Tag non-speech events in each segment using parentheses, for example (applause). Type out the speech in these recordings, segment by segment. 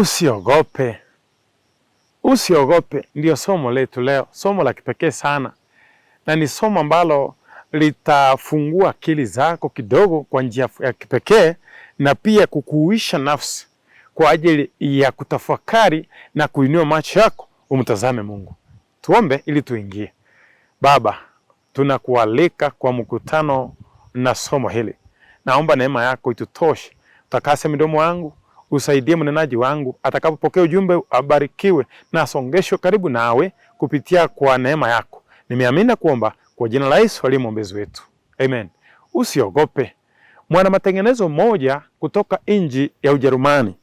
Usiogope, usiogope ndio somo letu leo, somo la kipekee sana, na ni somo ambalo litafungua akili zako kidogo kwa njia ya kipekee, na pia kukuuisha nafsi kwa ajili ya kutafakari na kuinua macho yako umtazame Mungu. Tuombe ili tuingie. Baba, tunakualika kwa mkutano na somo hili, naomba neema yako itutoshe, utakase midomo yangu usaidie mnenaji wangu atakapopokea ujumbe, abarikiwe na asongeshwe karibu nawe kupitia kwa neema yako. Nimeamini na kuomba kwa jina la Yesu aliye mwombezi wetu, amen. Usiogope. Mwana matengenezo mmoja kutoka nchi ya Ujerumani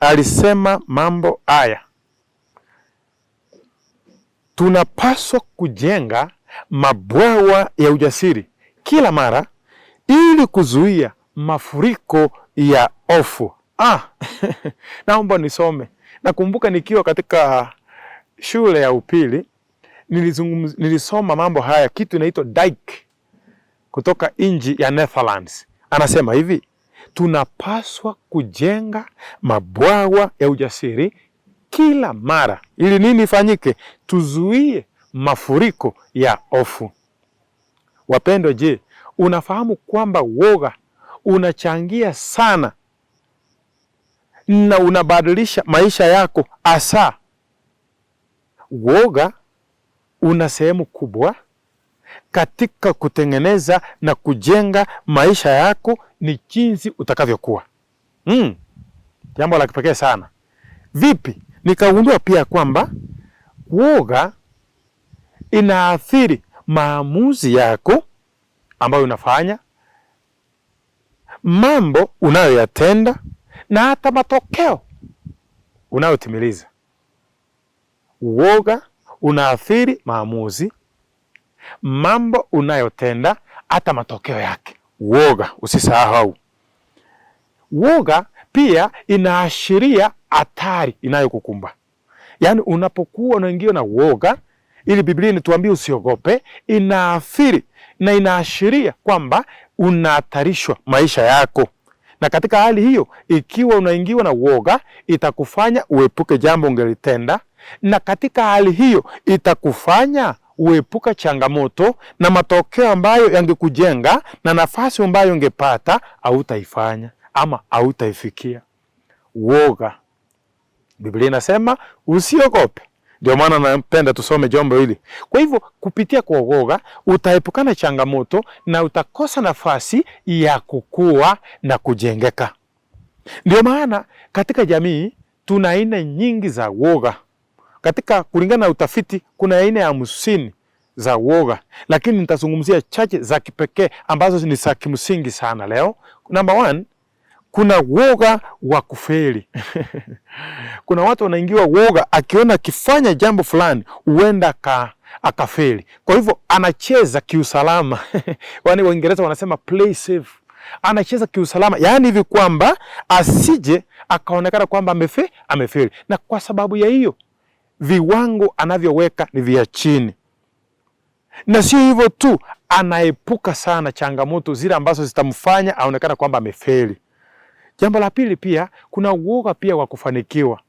alisema mambo haya: tunapaswa kujenga mabwawa ya ujasiri kila mara ili kuzuia mafuriko ya hofu ah, (laughs) naomba nisome. Nakumbuka nikiwa katika shule ya upili nilisoma mambo haya, kitu inaitwa Dike kutoka nchi ya Netherlands. Anasema hivi, tunapaswa kujenga mabwawa ya ujasiri kila mara ili nini ifanyike? Tuzuie mafuriko ya hofu. Wapendwa, je, unafahamu kwamba woga unachangia sana na unabadilisha maisha yako. Asa woga una sehemu kubwa katika kutengeneza na kujenga maisha yako, ni jinsi utakavyokuwa. Mm, jambo la kipekee sana. Vipi? Nikagundua pia kwamba woga inaathiri maamuzi yako ambayo unafanya, mambo unayoyatenda na hata matokeo unayotimiliza. Uoga unaathiri maamuzi, mambo unayotenda, hata matokeo yake. Uoga usisahau. Uoga pia inaashiria hatari inayokukumba. Yaani, unapokuwa unaingia na uoga, ili Biblia inatuambia usiogope, inaathiri na inaashiria kwamba unahatarishwa maisha yako. Na katika hali hiyo, ikiwa unaingiwa na uoga, itakufanya uepuke jambo ungelitenda, na katika hali hiyo itakufanya uepuka changamoto na matokeo ambayo yangekujenga na nafasi ambayo ungepata hautaifanya ama hautaifikia. Uoga, Biblia inasema usiogope. Ndio maana napenda tusome jambo hili. Kwa hivyo kupitia kuogoga utaepukana changamoto na utakosa nafasi ya kukua na kujengeka. Ndio maana katika jamii tuna aina nyingi za woga. Katika kulingana na utafiti, kuna aina ya hamsini za woga, lakini nitazungumzia chache za kipekee ambazo ni za kimsingi sana leo. Number one, kuna woga wa kufeli. (laughs) Kuna watu wanaingiwa woga, akiona akifanya jambo fulani huenda ka akafeli, kwa hivyo anacheza kiusalama. (laughs) Yaani Waingereza wanasema play safe, anacheza kiusalama, yaani hivi kwamba asije akaonekana kwamba amefe, amefeli, na kwa sababu ya hiyo viwango anavyoweka ni vya chini, na sio hivyo tu, anaepuka sana changamoto zile ambazo zitamfanya aonekana kwamba amefeli. Jambo la pili pia kuna uoga pia wa kufanikiwa.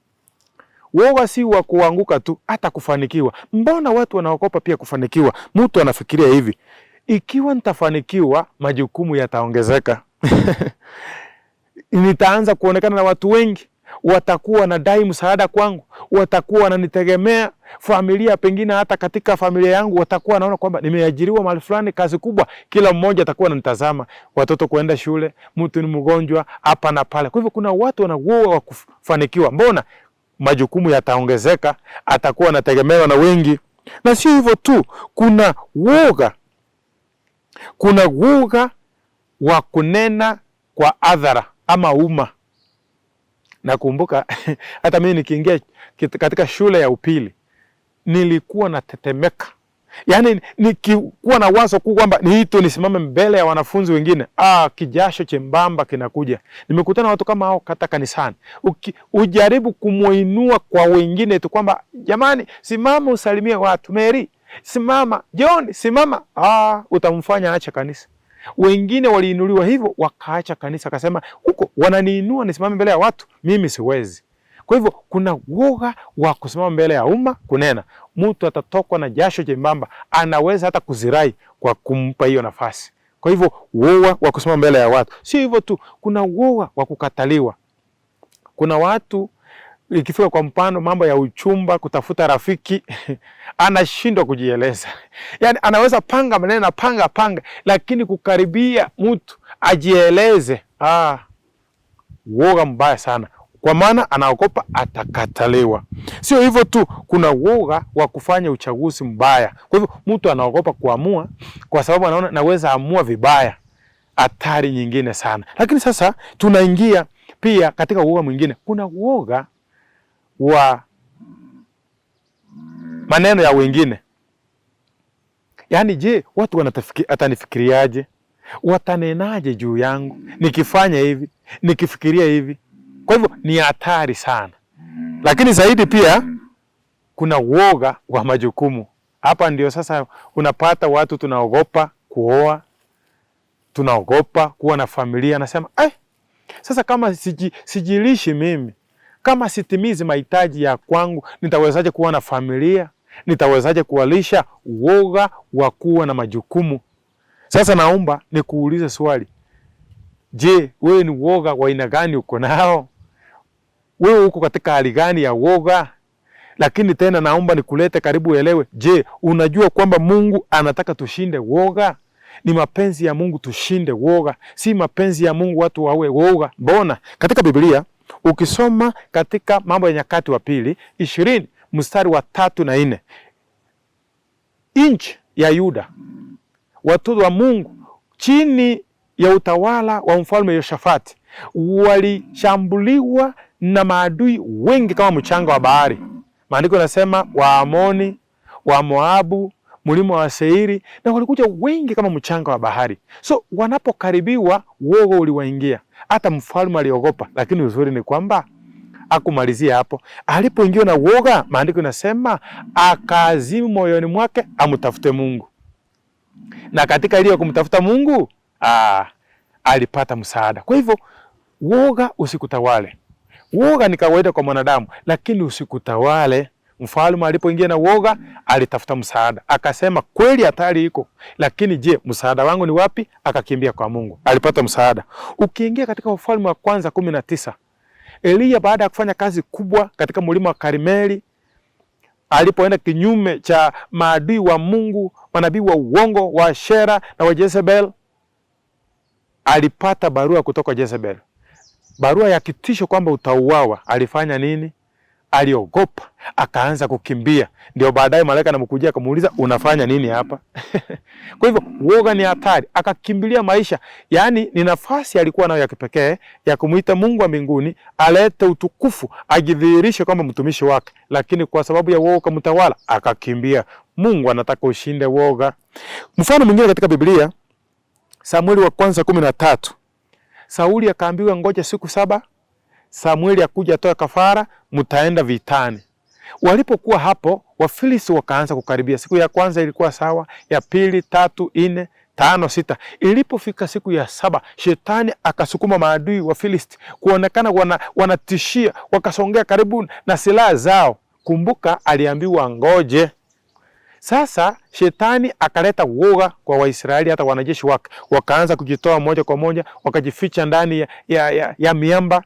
Uoga si wa kuanguka tu, hata kufanikiwa. Mbona watu wanaogopa pia kufanikiwa? Mtu anafikiria hivi, ikiwa nitafanikiwa majukumu yataongezeka (laughs) nitaanza kuonekana na watu wengi, watakuwa wanadai msaada kwangu, watakuwa wananitegemea familia, pengine hata katika familia yangu watakuwa wanaona kwamba nimeajiriwa mahali fulani, kazi kubwa. Kila mmoja atakuwa ananitazama, watoto kuenda shule, mtu ni mgonjwa hapa na pale. Kwa hivyo kuna watu wanaua wa kufanikiwa, mbona majukumu yataongezeka, atakuwa anategemewa na wengi. Na sio hivyo tu, kuna woga, kuna woga wa kunena kwa adhara ama umma Nakumbuka (laughs) hata mimi nikiingia katika shule ya upili nilikuwa natetemeka, yaani nikikuwa na wazo kuu kwamba ni nisimame mbele ya wanafunzi wengine, ah, kijasho chembamba kinakuja. Nimekutana watu kama hao hata kanisani, ujaribu kumwinua kwa wengine tu kwamba jamani, simama usalimie watu, Mary simama, John simama, ah, utamfanya acha kanisa. Wengine waliinuliwa hivyo wakaacha kanisa, akasema huko wananiinua nisimame mbele ya watu, mimi siwezi. Kwa hivyo kuna woga wa kusimama mbele ya umma kunena. Mtu atatokwa na jasho jembamba, anaweza hata kuzirai kwa kumpa hiyo nafasi. Kwa hivyo woga wa kusimama mbele ya watu. Sio hivyo tu, kuna woga wa kukataliwa. Kuna watu ikifika kwa mpano mambo ya uchumba, kutafuta rafiki (laughs) anashindwa kujieleza. Yani anaweza panga maneno na panga panga, lakini kukaribia mtu ajieleze, ah, woga mbaya sana, kwa maana anaogopa atakataliwa. Sio hivyo tu, kuna woga wa kufanya uchaguzi mbaya. Kwa hivyo mtu anaogopa kuamua kwa sababu anaona naweza amua vibaya. Hatari nyingine sana. Lakini sasa tunaingia pia katika uoga mwingine, kuna uoga wa maneno ya wengine. Yaani, je, watu watanifikiriaje? Watanenaje juu yangu nikifanya hivi, nikifikiria hivi? Kwa hivyo ni hatari sana, lakini zaidi pia kuna uoga wa majukumu. Hapa ndio sasa unapata watu tunaogopa kuoa, tunaogopa kuwa na familia. Anasema eh, sasa kama siji, sijilishi mimi kama sitimizi mahitaji ya kwangu, nitawezaje kuwa na familia? Nitawezaje kuwalisha? Uoga wa kuwa na majukumu. Sasa naomba nikuulize swali. Je, wewe ni uoga wa aina gani uko nao? Wewe uko katika hali gani ya uoga? Lakini tena naomba nikulete karibu elewe. Je, unajua kwamba Mungu anataka tushinde uoga? Ni mapenzi ya Mungu tushinde uoga, si mapenzi ya Mungu watu wawe uoga. Mbona katika Biblia Ukisoma katika Mambo ya Nyakati wa pili ishirini mstari wa tatu na nne nchi ya Yuda, watoto wa Mungu chini ya utawala wa mfalme Yoshafati walishambuliwa na maadui wengi kama mchanga wa bahari. Maandiko yanasema Waamoni, wa Moabu, mlima wa Seiri, na walikuja wengi kama mchanga wa bahari. So wanapokaribiwa, woga uliwaingia. Hata mfalme aliogopa, lakini uzuri ni kwamba akumalizia hapo. Alipoingiwa na uoga, maandiko inasema akazimu moyoni mwake amtafute Mungu, na katika ile kumtafuta Mungu aa, ah, alipata msaada. Kwa hivyo uoga usikutawale. Uoga ni kawaida kwa mwanadamu, lakini usikutawale. Mfalme alipoingia na woga, alitafuta msaada, akasema kweli hatari iko, lakini je, msaada wangu ni wapi? Akakimbia kwa Mungu, alipata msaada. Ukiingia katika Ufalme wa kwanza kumi na tisa, Eliya baada ya kufanya kazi kubwa katika mlima wa Karimeli, alipoenda kinyume cha maadui wa Mungu, manabii wa uongo wa Ashera na wa Jezebel, alipata barua kutoka Jezebel, barua ya kitisho kwamba utauawa. Alifanya nini? aliogopa akaanza kukimbia. Ndio baadaye malaika anamkujia akamuuliza unafanya nini hapa? (laughs) Kwa hivyo woga ni hatari, akakimbilia maisha. Yaani ni nafasi alikuwa nayo ya kipekee ya kumuita Mungu wa mbinguni alete utukufu, ajidhihirishe kama mtumishi wake, lakini kwa sababu ya woga mtawala akakimbia. Mungu anataka ushinde woga. Mfano mwingine katika Biblia, Samueli wa kwanza kumi na tatu Sauli akaambiwa ngoja siku saba Samueli akuja atoe kafara, mtaenda vitani. Walipokuwa hapo, Wafilisti wakaanza kukaribia. Siku ya kwanza ilikuwa sawa, ya pili, tatu, nne, tano, sita. Ilipofika siku ya saba, shetani akasukuma maadui wa Filisti kuonekana wana, wanatishia, wakasongea karibu na silaha zao. Kumbuka aliambiwa ngoje. Sasa shetani akaleta woga kwa Waisraeli, hata wanajeshi wake wakaanza kujitoa moja kwa moja, wakajificha ndani ya, ya, ya, ya miamba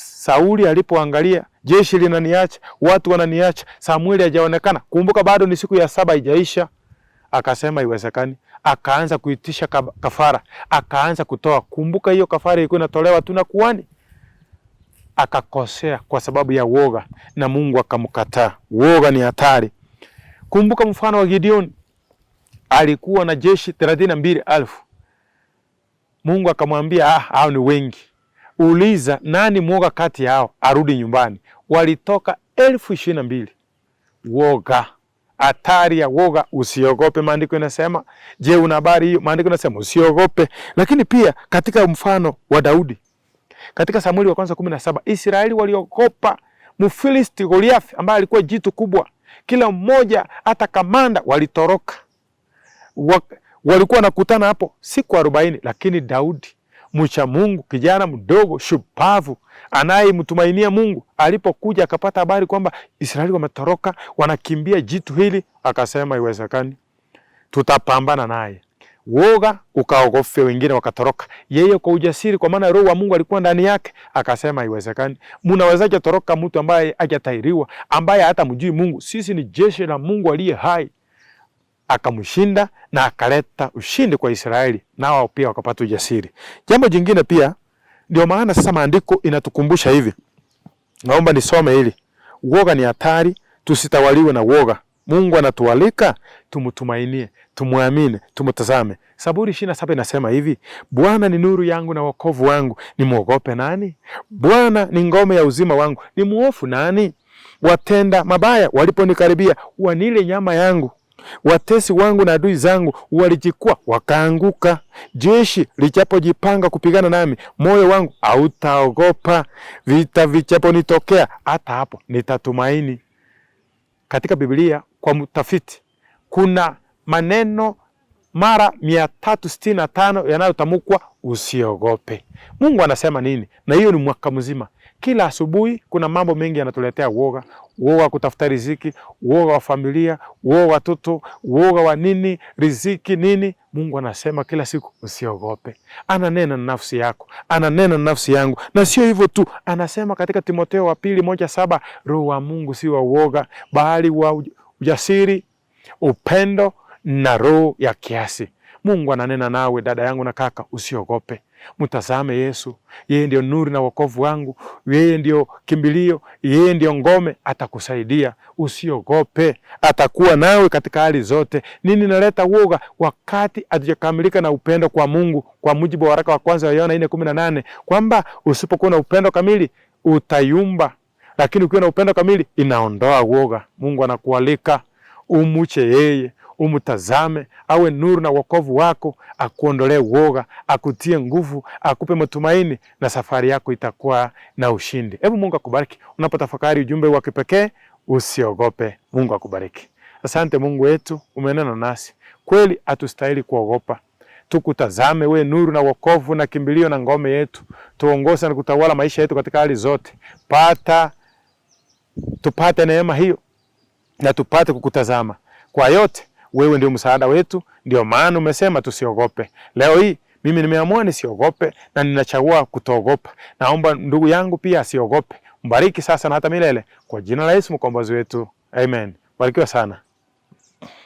Sauli alipoangalia jeshi linaniacha, watu wananiacha, Samueli hajaonekana. Kumbuka bado ni siku ya saba haijaisha. Akasema iwezekani, akaanza kuitisha kafara, akaanza kutoa. Kumbuka hiyo kafara ilikuwa inatolewa tu na kuhani. Akakosea kwa sababu ya woga na Mungu akamkataa. Woga ni hatari. Kumbuka mfano wa Gideon, alikuwa na jeshi thelathini na mbili elfu. Mungu akamwambia ah, hao ni wengi, uliza nani mwoga kati yao arudi nyumbani. Walitoka elfu ishirini na mbili. Woga, hatari ya woga. Usiogope, maandiko inasema. Je, una habari hiyo? Maandiko inasema usiogope. Lakini pia katika mfano wa Daudi katika Samueli wa kwanza kumi na saba Israeli waliogopa Mfilisti Goliathi ambaye alikuwa jitu kubwa, kila mmoja hata kamanda walitoroka. Walikuwa wanakutana hapo siku arobaini, lakini Daudi mcha Mungu, kijana mdogo shupavu anayemtumainia Mungu, alipokuja akapata habari kwamba Israeli wametoroka, wanakimbia jitu hili, akasema iwezekani, tutapambana naye. Woga ukaogofya, wengine wakatoroka, yeye kwa ujasiri, kwa maana roho wa Mungu alikuwa ndani yake, akasema iwezekani. Mnawezaje toroka mtu ambaye hajatairiwa, ambaye hata mjui Mungu? Sisi ni jeshi la Mungu aliye hai akamshinda na akaleta ushindi kwa Israeli, na wao pia wakapata ujasiri. Jambo jingine pia, ndio maana sasa maandiko inatukumbusha hivi, naomba nisome hili, uoga ni hatari, tusitawaliwe na uoga. Mungu anatualika tumtumainie, tumwamini, tumtazame. Saburi 27 inasema hivi, Bwana ni nuru yangu na wokovu wangu, nimwogope nani? Bwana ni ngome ya uzima wangu, ni muofu nani? Watenda mabaya waliponikaribia, wanile nyama yangu Watesi wangu na adui zangu walijikwa wakaanguka. Jeshi lichapojipanga kupigana nami, moyo wangu hautaogopa. Vita vichaponitokea, hata hapo nitatumaini. Katika Biblia kwa mtafiti, kuna maneno mara mia tatu sitini na tano yanayotamkwa usiogope. Mungu anasema nini? Na hiyo ni mwaka mzima. Kila asubuhi kuna mambo mengi yanatuletea uoga, uoga wa kutafuta riziki, uoga wa familia, uoga wa watoto, uoga wa nini, riziki nini. Mungu anasema kila siku usiogope. Ananena na nafsi yako, ananena na nafsi yangu. Na sio hivyo tu, anasema katika Timotheo wa pili moja saba, roho wa Mungu si wa uoga, bali wa ujasiri, upendo na roho ya kiasi. Mungu ananena nawe, dada yangu na kaka, usiogope. Mtazame Yesu, yeye ndio nuru na wokovu wangu, yeye ndio kimbilio, yeye ndio ngome. Atakusaidia, usiogope, atakuwa nawe katika hali zote. Nini naleta woga wakati hatujakamilika na upendo kwa Mungu, kwa mujibu wa waraka wa kwanza wa Yohana 4:18 kwamba usipokuwa na upendo kamili utayumba, lakini ukiwa na upendo kamili inaondoa woga. Mungu anakualika umuche yeye umutazame, awe nuru na wokovu wako, akuondolee uoga, akutie nguvu, akupe matumaini, na safari yako itakuwa na ushindi. Hebu Mungu akubariki unapotafakari ujumbe wa kipekee usiogope. Mungu akubariki. Asante Mungu wetu, umenena nasi kweli, hatustahili kuogopa tukutazame we nuru na wokovu na kimbilio na ngome yetu, tuongoze na kutawala maisha yetu katika hali zote. Pata tupate neema hiyo na tupate kukutazama kwa yote wewe ndio msaada wetu, ndio maana umesema tusiogope. Leo hii mimi nimeamua nisiogope na ninachagua kutoogopa. Naomba ndugu yangu pia asiogope. Mbariki sasa na hata milele, kwa jina la Yesu mkombozi wetu, amen. Barikiwa sana.